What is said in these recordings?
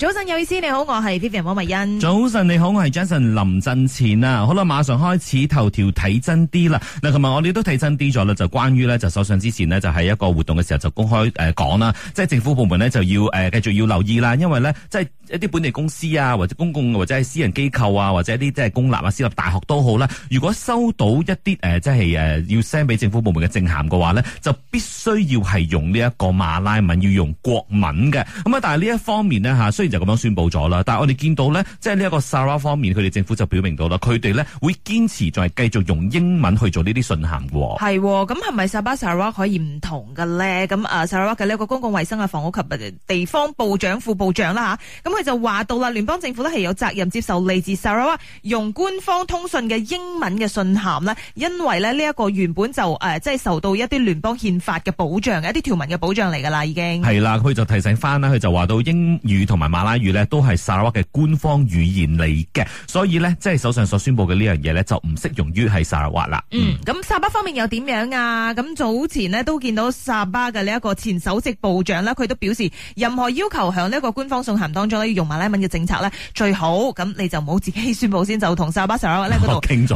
早晨有意思，你好，我係 Vivian 黃慧欣。早晨你好，我係 Jason 林振前啊。好啦，馬上開始頭條睇真啲啦。嗱，琴日我哋都睇真啲咗啦，就關於咧就首相之前呢，就喺、是、一個活動嘅時候就公開誒、呃、講啦，即係政府部門咧就要誒、呃、繼續要留意啦，因為咧即係一啲本地公司啊，或者公共或者係私人機構啊，或者一啲即係公立啊、私立大學都好啦。如果收到一啲誒、呃、即係誒、呃、要 send 俾政府部門嘅政函嘅話咧，就必須要係用呢一個馬拉文，要用國文嘅。咁啊，但係呢一方面呢。吓就咁樣宣布咗啦，但係我哋見到咧，即係呢一個 Sarawak 方面，佢哋政府就表明到啦，佢哋咧會堅持再繼續用英文去做呢啲信函。係咁，係咪 Sarawak Sarawak 可以唔同嘅咧？咁啊 Sarawak 嘅呢一個公共衛生啊，房屋及地方部長副部長啦吓，咁、啊、佢就話到啦，聯邦政府咧係有責任接受嚟自 Sarawak 用官方通訊嘅英文嘅信函咧，因為咧呢一個原本就誒即係受到一啲聯邦憲法嘅保障，一啲條文嘅保障嚟噶啦，已經係啦，佢就提醒翻啦，佢就話到英語同埋。馬拉語咧都係沙拉瓦嘅官方語言嚟嘅，所以咧即係首相所宣布嘅呢樣嘢咧就唔適用於係沙拉瓦啦。嗯，咁、嗯、沙巴方面又點樣啊？咁早前呢，都見到沙巴嘅呢一個前首席部長咧，佢都表示任何要求響呢一個官方信函當中咧要用馬拉文嘅政策咧最好，咁你就冇自己宣布先，就同沙巴沙拉瓦咧嗰度去傾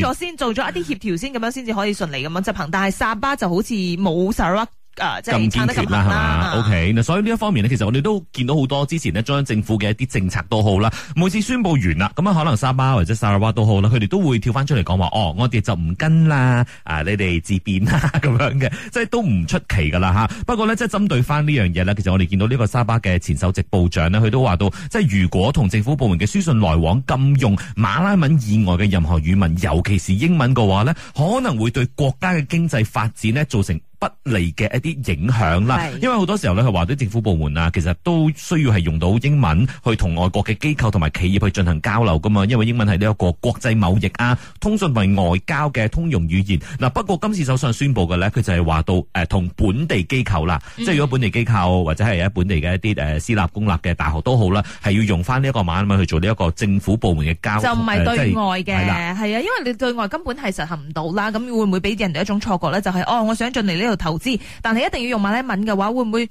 咗先，做咗一啲協調先，咁樣先至可以順利咁樣執行。但係沙巴就好似冇沙拉瓦誒、啊，即係堅決啦，係嘛吧、啊？OK，所以呢一方面呢，其實我哋都見到好多之前呢中央政府嘅一啲政策都好啦。每次宣佈完啦，咁啊，可能沙巴或者沙拉瓦都好啦，佢哋都會跳翻出嚟講話，哦，我哋就唔跟啦，啊，你哋自便啦，咁樣嘅，即係都唔出奇噶啦嚇。不過呢，即係針對翻呢樣嘢咧，其實我哋見到呢個沙巴嘅前首席部長呢，佢都話到，即係如果同政府部門嘅書信來往禁用馬來文以外嘅任何語文，尤其是英文嘅話呢，可能會對國家嘅經濟發展呢造成，不利嘅一啲影響啦，是因為好多時候咧，去話啲政府部門啊，其實都需要係用到英文去同外國嘅機構同埋企業去進行交流噶嘛，因為英文係呢一個國際貿易啊、通訊同外交嘅通用語言。嗱，不過今次首相宣布嘅咧，佢就係話到誒同、呃、本地機構啦，嗯、即係如果本地機構或者係一本地嘅一啲、呃、私立公立嘅大學都好啦，係要用翻呢一個馬文去做呢一個政府部門嘅交，就唔係對外嘅，係啊，因為你對外根本係實行唔到啦。咁、嗯、會唔會俾人哋一種錯覺咧？就係、是、哦，我想進嚟呢投資，但係一定要用馬來文嘅話，會唔會？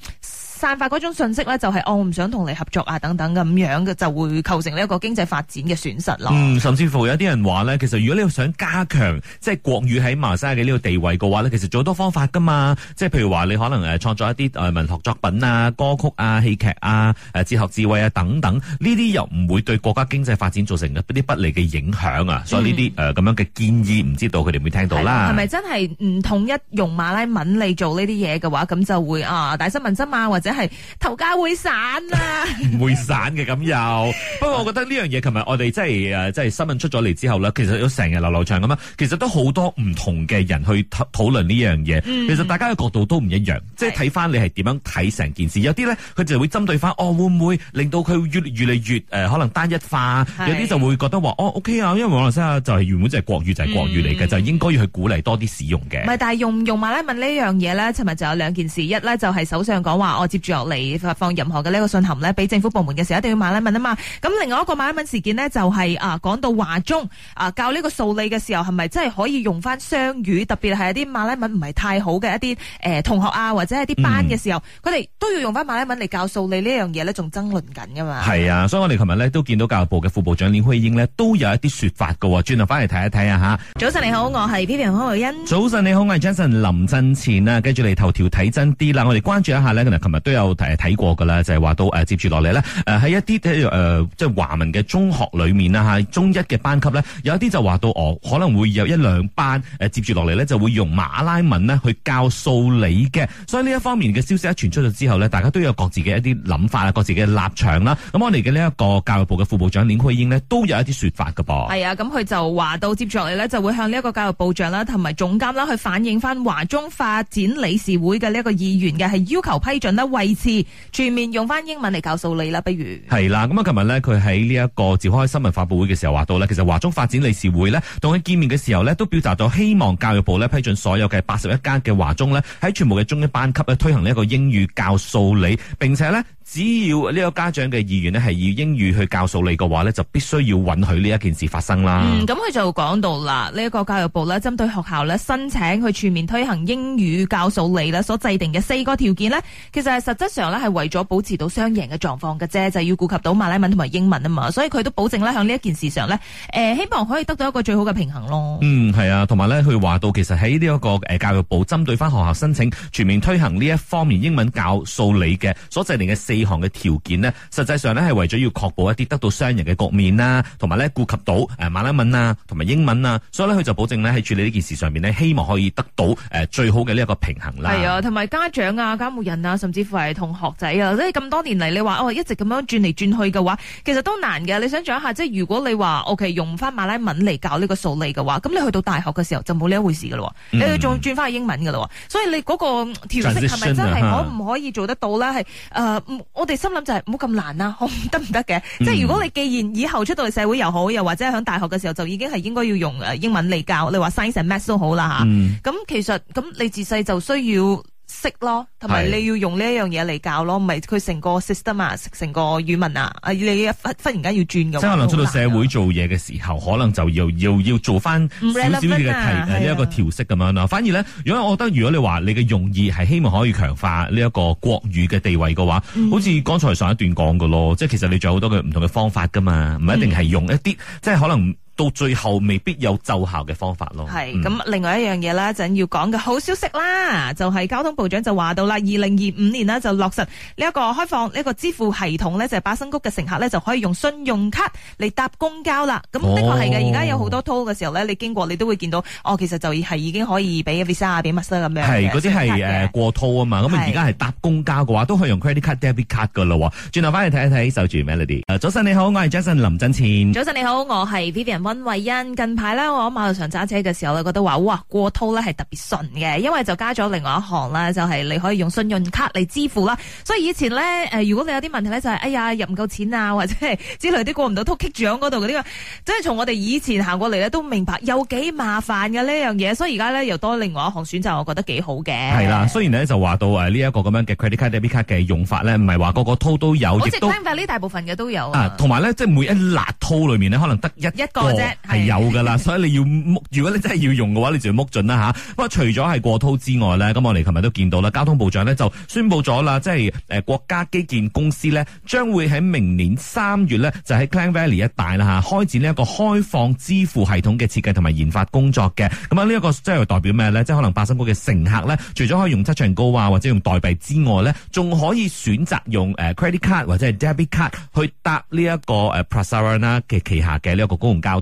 散發嗰種信息咧、就是，就係我唔想同你合作啊，等等咁樣嘅就會構成呢一個經濟發展嘅損失咯、嗯。甚至乎有啲人話咧，其實如果你想加強即係國語喺馬來西亞嘅呢個地位嘅話咧，其實做多方法噶嘛。即係譬如話你可能誒創作一啲誒文學作品啊、歌曲啊、戲劇啊、誒哲學智慧啊等等，呢啲又唔會對國家經濟發展造成一啲不利嘅影響啊。嗯、所以呢啲誒咁樣嘅建議，唔知道佢哋會唔會聽到啦？係咪真係唔統一用馬拉文嚟做呢啲嘢嘅話，咁就會啊大失民心啊，或者？係頭家會散啊！唔 會散嘅咁又， 不過我覺得呢樣嘢，琴日我哋即係誒，即係新聞出咗嚟之後咧，其實都成日流流暢咁啊。其實都好多唔同嘅人去討討論呢樣嘢。嗯、其實大家嘅角度都唔一樣，是即係睇翻你係點樣睇成件事。有啲咧，佢就會針對翻哦，會唔會令到佢越嚟越，越、呃、可能單一化？是有啲就會覺得話哦，OK 啊，因為馬來西亞就係、是、原本就係國語就係、是、國語嚟嘅，嗯、就應該要去鼓勵多啲使用嘅。唔係，但係用用馬來文呢樣嘢咧，琴日就有兩件事，一咧就係首相講話我住落嚟發放任何嘅呢個信函咧，俾政府部門嘅時候，一定要馬來文啊嘛。咁另外一個馬來文事件呢，就係、是、啊，講到華中啊教呢個數理嘅時候，係咪真係可以用翻雙語？特別係一啲馬來文唔係太好嘅一啲誒、呃、同學啊，或者係啲班嘅時候，佢哋、嗯、都要用翻馬來文嚟教數理呢樣嘢咧，仲爭論緊噶嘛。係啊，所以我哋琴日咧都見到教育部嘅副部長林慧英呢都有一啲說法噶。轉頭翻嚟睇一睇啊吓。早晨你好，我係 P P R 康樂欣。早晨你好，我係張信林振前啊。跟住嚟頭條睇真啲啦，我哋關注一下呢，琴日都有誒睇過噶啦，就係、是、話到誒、呃、接住落嚟咧，誒、呃、喺一啲誒，即係華文嘅中學裏面啦吓、啊、中一嘅班級咧，有一啲就話到哦可能會有一兩班誒、呃、接住落嚟咧，就會用馬拉文咧去教數理嘅。所以呢一方面嘅消息一傳出咗之後咧，大家都有各自嘅一啲諗法啦，各自嘅立場啦。咁我哋嘅呢一個教育部嘅副部長，林慧英咧，都有一啲說法噶噃。係啊，咁佢就話到接住落嚟咧，就會向呢一個教育部長啦同埋總監啦去反映翻華中發展理事會嘅呢一個議員嘅係要求批准啦。第二次全面用翻英文嚟教數理啦，不如係啦。咁啊，琴日咧，佢喺呢一個召開新聞發布會嘅時候話到咧，其實華中發展理事會咧同佢見面嘅時候咧，都表達咗希望教育部咧批准所有嘅八十一家嘅華中咧喺全部嘅中一班級咧推行呢一個英語教數理，並且咧。只要呢個家長嘅意願呢，係以英語去教數理嘅話呢，就必須要允許呢一件事發生啦。嗯，咁佢就講到啦，呢、這、一個教育部呢，針對學校呢申請去全面推行英語教數理呢所制定嘅四個條件呢，其實係實質上呢係為咗保持到雙贏嘅狀況嘅啫，就係、要顧及到馬來文同埋英文啊嘛，所以佢都保證呢，向呢一件事上呢、呃、希望可以得到一個最好嘅平衡咯。嗯，係啊，同埋呢，佢話到其實喺呢一個教育部針對翻學校申請全面推行呢一方面英文教數理嘅所制定嘅四。呢行嘅條件呢，實際上呢，係為咗要確保一啲得到商人嘅局面啦，同埋呢顧及到誒馬拉文啊，同埋英文啊，所以呢，佢就保證呢喺處理呢件事上面呢，希望可以得到誒最好嘅呢一個平衡啦。係啊，同埋家長啊、監護人啊，甚至乎係同學仔啊，所以咁多年嚟，你話哦一直咁樣轉嚟轉去嘅話，其實都難嘅。你想象一下，即係如果你話 OK 用翻馬拉文嚟教呢個數理嘅話，咁你去到大學嘅時候就冇呢一回事噶啦，你仲轉翻去英文噶啦，嗯、所以你嗰個調適係咪真係可唔可以做得到咧？係誒、嗯。我哋心諗就係唔好咁難啦、啊，得唔得嘅？嗯、即係如果你既然以後出到嚟社會又好，又或者喺大學嘅時候就已經係應該要用誒英文嚟教，你話 science and math 都好啦吓。咁、嗯啊、其實咁你自細就需要。識咯，同埋你要用呢一樣嘢嚟教咯，唔係佢成個 system 啊，成個語文啊，你忽忽然間要轉咁，即係可能出到社會做嘢嘅時候，啊、可能就要要要做翻少少嘅題呢一個調式咁樣啦。反而咧，如果我覺得如果你話你嘅用意係希望可以強化呢一個國語嘅地位嘅話，嗯、好似剛才上一段講嘅咯，即係其實你仲有好多嘅唔同嘅方法噶嘛，唔一定係用一啲、嗯、即係可能。到最後未必有奏效嘅方法咯。係咁，嗯、另外一樣嘢啦就是、要講嘅好消息啦，就係、是、交通部長就話到啦，二零二五年呢，就落實呢一個開放呢個、這個支付系統呢，就係、是、巴生谷嘅乘客呢，就可以用信用卡嚟搭公交啦。咁的確係嘅，而家、哦、有好多套嘅時候呢，你經過你都會見到，哦，其實就係已經可以俾 visa 俾 master 咁樣。係嗰啲係誒過套啊嘛，咁而家係搭公交嘅話，都可以用 credit card debit card 噶啦。轉頭翻嚟睇一睇守住 Melody。早晨你好，我係 Jason 林振早晨你好，我尹慧近排咧，我喺馬路上揸車嘅時候咧，覺得話哇過濾咧係特別順嘅，因為就加咗另外一行啦，就係、是、你可以用信用卡嚟支付啦。所以以前咧，誒、呃、如果你有啲問題咧，就係、是、哎呀入唔夠錢啊，或者係之類啲過唔到 k i 濾閘嗰度嗰啲啊，即係、就是、從我哋以前行過嚟咧都明白有幾麻煩嘅呢樣嘢。所以而家咧又多另外一行選擇，我覺得幾好嘅。係啦，雖然咧就話到誒呢一個咁樣嘅 credit card debit card 嘅用法咧，唔係話個個濾都有，我只係講緊呢大部分嘅都有。同埋咧，即係每一欄濾裏面咧，可能得一個。一個就是係有噶啦，所以你要，如果你真係要用嘅話，你就要踎盡啦吓。不過除咗係過掏之外咧，咁我哋琴日都見到啦，交通部長咧就宣佈咗啦，即係誒國家基建公司咧將會喺明年三月咧就喺 Klang Valley 一帶啦吓，開展呢一個開放支付系統嘅設計同埋研發工作嘅。咁啊呢一個即係代表咩咧？即係可能巴生谷嘅乘客咧，除咗可以用七張高啊或者用代幣之外咧，仲可以選擇用誒 credit card 或者係 debit card 去搭呢一個誒 Prasarana 嘅旗下嘅呢一個公共交通。係啦，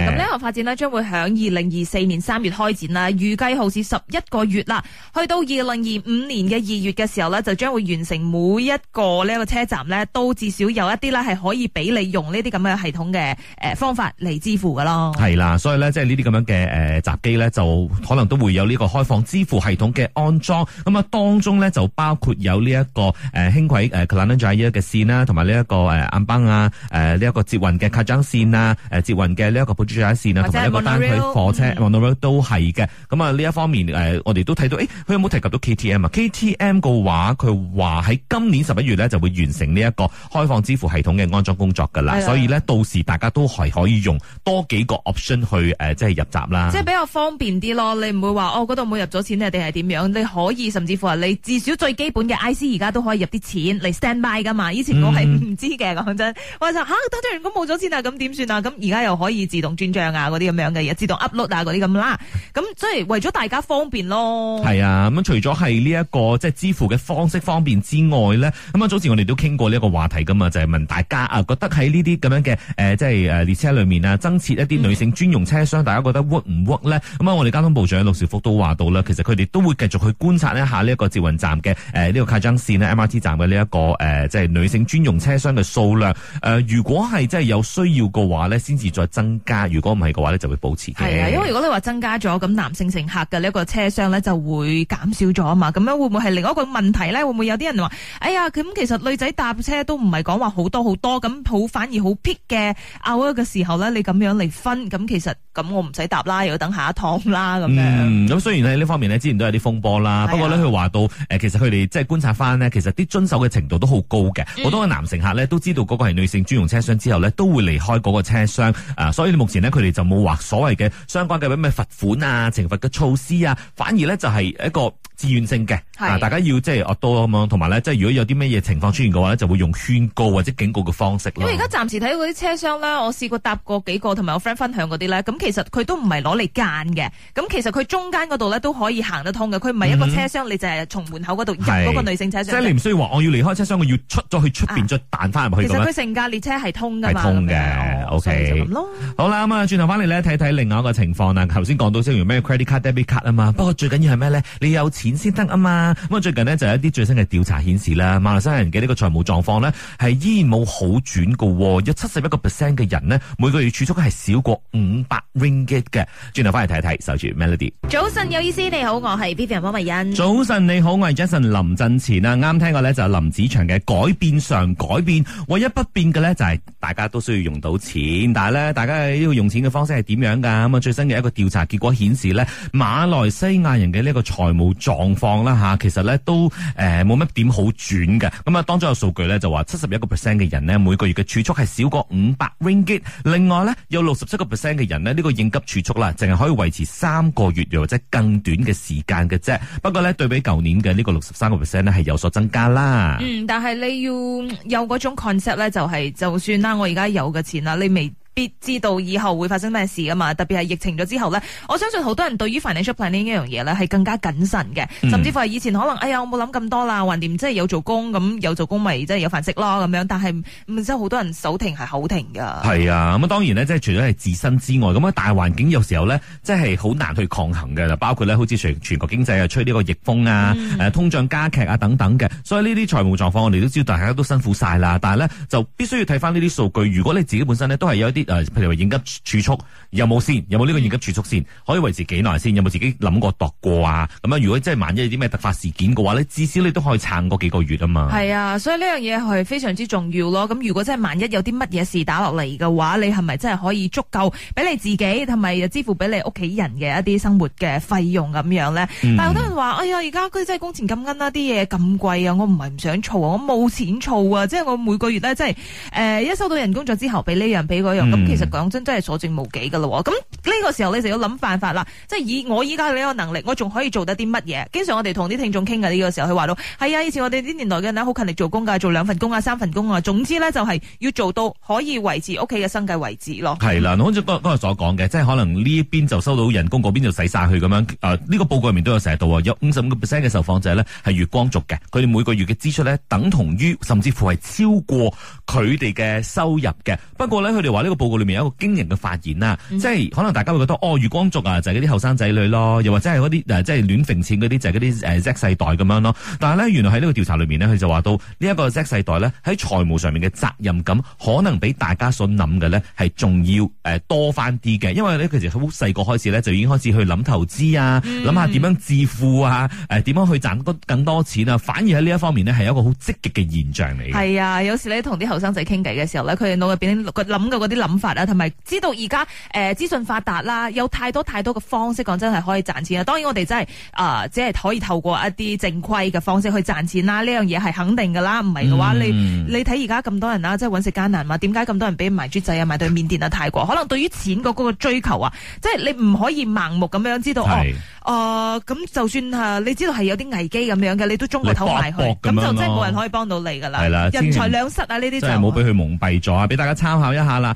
咁呢一個發展呢將會喺二零二四年三月開展啦，預計耗時十一個月啦，去到二零二五年嘅二月嘅時候呢就將會完成，每一個呢個車站呢都至少有一啲啦，係可以俾你用呢啲咁嘅系統嘅誒、呃、方法嚟支付噶咯。係啦，所以這這、呃、呢即係呢啲咁樣嘅誒閘機呢就可能都會有呢個開放支付系統嘅安裝。咁啊，當中呢就包括有呢、這、一個誒輕軌誒克拉登再也嘅線啦，同埋呢一個誒暗邦啊，誒呢一個捷運嘅卡章線啊，誒、這個呃啊呃這個、捷運、啊。呃捷嘅呢一個補線啊，同埋一個單軌火車 monorail、嗯、都係嘅。咁啊呢一方面誒、呃，我哋都睇到，誒佢有冇提及到 KTM 啊？KTM 嘅話，佢話喺今年十一月咧就會完成呢一個開放支付系統嘅安裝工作㗎啦。的所以呢，到時大家都係可以用多幾個 option 去、呃、即係入閘啦。即係比較方便啲咯，你唔會話哦嗰度冇入咗錢你定係點樣？你可以甚至乎你至少最基本嘅 IC 而家都可以入啲錢嚟 stand by 㗎嘛。以前我係唔知嘅講、嗯、真，我就嚇當咗如果冇咗錢啊，咁點算啊？咁而家又可以自動轉賬啊，嗰啲咁樣嘅嘢，自動 upload 啊，嗰啲咁啦。咁即係為咗大家方便咯。係啊，咁除咗係呢一個即係、就是、支付嘅方式方便之外咧，咁啊，早前我哋都傾過呢一個話題噶嘛，就係、是、問大家啊，覺得喺呢啲咁樣嘅誒，即係誒列車裏面啊，增設一啲女性專用車廂，嗯、大家覺得 work 唔 work 咧？咁啊，我哋交通部長陸兆福都話到啦，其實佢哋都會繼續去觀察一下呢一個捷運站嘅誒呢個 Kajang 線咧，MRT 站嘅呢一個誒，即、呃、係、就是、女性專用車廂嘅數量。誒、呃，如果係即係有需要嘅話咧，先至再，增加，如果唔係嘅話咧，就會保持嘅。係啊，因為如果你話增加咗，咁男性乘客嘅呢一個車廂咧就會減少咗啊嘛。咁樣會唔會係另外一個問題咧？會唔會有啲人話：，哎呀，咁其實女仔搭車都唔係講話好多好多，咁好反而好 peak 嘅 hour 嘅時候咧，你咁樣嚟分，咁其實咁我唔使搭啦，又要等下一趟啦咁樣。嗯，咁雖然喺呢方面咧，之前都有啲風波啦，不過咧佢話到，誒，其實佢哋即係觀察翻咧，其實啲遵守嘅程度都好高嘅。好、嗯、多嘅男乘客咧都知道嗰個係女性專用車廂之後咧，都會離開嗰個車廂。所以目前咧，佢哋就冇話所謂嘅相關嘅咩罰款啊、懲罰嘅措施啊，反而咧就係一個，自願性嘅，啊大家要即係多咁樣，同埋咧即係如果有啲咩嘢情況出現嘅話咧，就會用勸告或者警告嘅方式咯。因為而家暫時睇嗰啲車廂咧，我試過搭過幾個，同埋我 friend 分享嗰啲咧，咁其實佢都唔係攞嚟揀嘅，咁其實佢中間嗰度咧都可以行得通嘅，佢唔係一個車廂，你就係從門口嗰度入嗰個女性車廂。即係你唔需要話我要離開車廂，我要出咗去出邊再彈翻入去。其實佢成架列車係通噶嘛。係通嘅，OK 咁咯。好啦，咁啊轉頭翻嚟咧睇睇另外一個情況啦。頭先講到即係用咩 credit card debit card 啊嘛，不過最緊要係咩咧？你有錢。先得啊嘛！咁啊最近呢，就有一啲最新嘅調查顯示啦，馬來西亞人嘅呢個財務狀況呢，係依然冇好轉嘅喎，有七十一個 percent 嘅人呢，每個月儲蓄係少過五百 Ringgit 嘅。轉頭翻嚟睇一睇，守住 Melody。早晨有意思，你好，我係 Vivian 方慧欣。早晨你好，我係 Jason 林振前啊，啱聽過呢，就林子祥嘅改變上改變，唯一不變嘅呢，就係大家都需要用到錢，但係呢，大家喺呢個用錢嘅方式係點樣㗎？咁啊最新嘅一個調查結果顯示呢，馬來西亞人嘅呢個財務狀狀況啦吓，其實咧都誒冇乜點好轉嘅。咁啊，當中有數據咧就話七十一個 percent 嘅人呢，每個月嘅儲蓄係少過五百 ringgit。另外咧，有六十七個 percent 嘅人呢，呢個應急儲蓄啦，淨係可以維持三個月又或者更短嘅時間嘅啫。不過咧，對比舊年嘅呢個六十三個 percent 咧，係有所增加啦。嗯，但係你要有嗰種 concept 咧、就是，就係就算啦，我而家有嘅錢啦，你未。必知道以後會發生咩事㗎嘛？特別係疫情咗之後咧，我相信好多人對於 financial planning 呢一樣嘢咧係更加謹慎嘅，甚至乎係以前可能，哎呀，我冇諗咁多啦，橫掂即係有做工咁有做工咪即係有飯食咯咁樣。但係唔知好多人手停係口停㗎。係啊，咁、嗯、啊當然咧，即係除咗係自身之外，咁啊大環境有時候咧，即係好難去抗衡嘅。包括咧，好似全全國經濟又吹呢個逆風啊，嗯、通脹加劇啊等等嘅。所以呢啲財務狀況我哋都知道，大家都辛苦晒啦。但係咧就必須要睇翻呢啲數據。如果你自己本身咧都係有一啲。譬如話應急儲蓄有冇先？有冇呢個應急儲蓄先？可以維持幾耐先？有冇自己諗過度過啊？咁樣如果即係萬一有啲咩突發事件嘅話咧，至少你都可以撐過幾個月啊嘛。係啊，所以呢樣嘢係非常之重要咯。咁如果真係萬一有啲乜嘢事打落嚟嘅話，你係咪真係可以足夠俾你自己，同埋支付俾你屋企人嘅一啲生活嘅費用咁樣咧？嗯、但係有啲人話：哎呀，而家佢真係工錢咁奀啦，啲嘢咁貴啊！我唔係唔想儲，我冇錢儲啊！即係我每個月咧，即係誒一收到人工咗之後，俾呢樣俾嗰樣。給那個嗯嗯、其實講真，真係所剩無幾噶咯喎！咁呢個時候你就要諗辦法啦。即係以我依家呢個能力，我仲可以做得啲乜嘢？經常我哋同啲聽眾傾嘅呢個時候，佢話到係啊，以前我哋啲年代嘅人好勤力做工㗎，做兩份工啊，三份工啊。總之咧，就係、是、要做到可以維持屋企嘅生計為止咯。係啦、嗯，好似剛才所講嘅，即係可能呢一邊就收到人工，嗰邊就使晒去咁樣。誒、呃，呢、這個報告入面都有寫到啊，有五十五個 percent 嘅受訪者咧係月光族嘅，佢哋每個月嘅支出咧等同於甚至乎係超過佢哋嘅收入嘅。不過咧，佢哋話呢個報個裏面有一個驚人嘅發現啦，嗯、即係可能大家會覺得哦，月光族啊，就係嗰啲後生仔女咯，又或者係嗰啲即係亂揈錢嗰啲，就係嗰啲誒 Z 世代咁樣咯。但係咧，原來喺呢個調查裏面呢，佢就話到呢一個 Z 世代咧，喺財務上面嘅責任感，可能比大家所諗嘅呢，係仲要誒、呃、多翻啲嘅。因為咧，其實好細個開始呢，就已經開始去諗投資啊，諗下點樣致富啊，誒、呃，點樣去賺多更多錢啊。反而喺呢一方面呢，係一個好積極嘅現象嚟。係啊，有時咧同啲後生仔傾偈嘅時候咧，佢哋腦入邊諗嘅嗰啲諗。法啦，同埋知道而家誒資訊發達啦，有太多太多嘅方式講真係可以賺錢啊！當然我哋真係誒，即、呃、係可以透過一啲正規嘅方式去賺錢啦。呢樣嘢係肯定㗎啦，唔係嘅話，嗯、你你睇而家咁多人啦，即係揾食艱難嘛？點解咁多人俾埋豬仔啊？賣到緬甸啊、泰國，可能對於錢嗰個追求啊，即係你唔可以盲目咁樣知道是哦。誒、呃，咁就算你知道係有啲危機咁樣嘅，你都衝過頭埋去，咁就真係冇人可以幫到你噶啦。的人財兩失啊，呢啲全真係冇俾佢矇蔽咗啊！俾大家參考一下啦。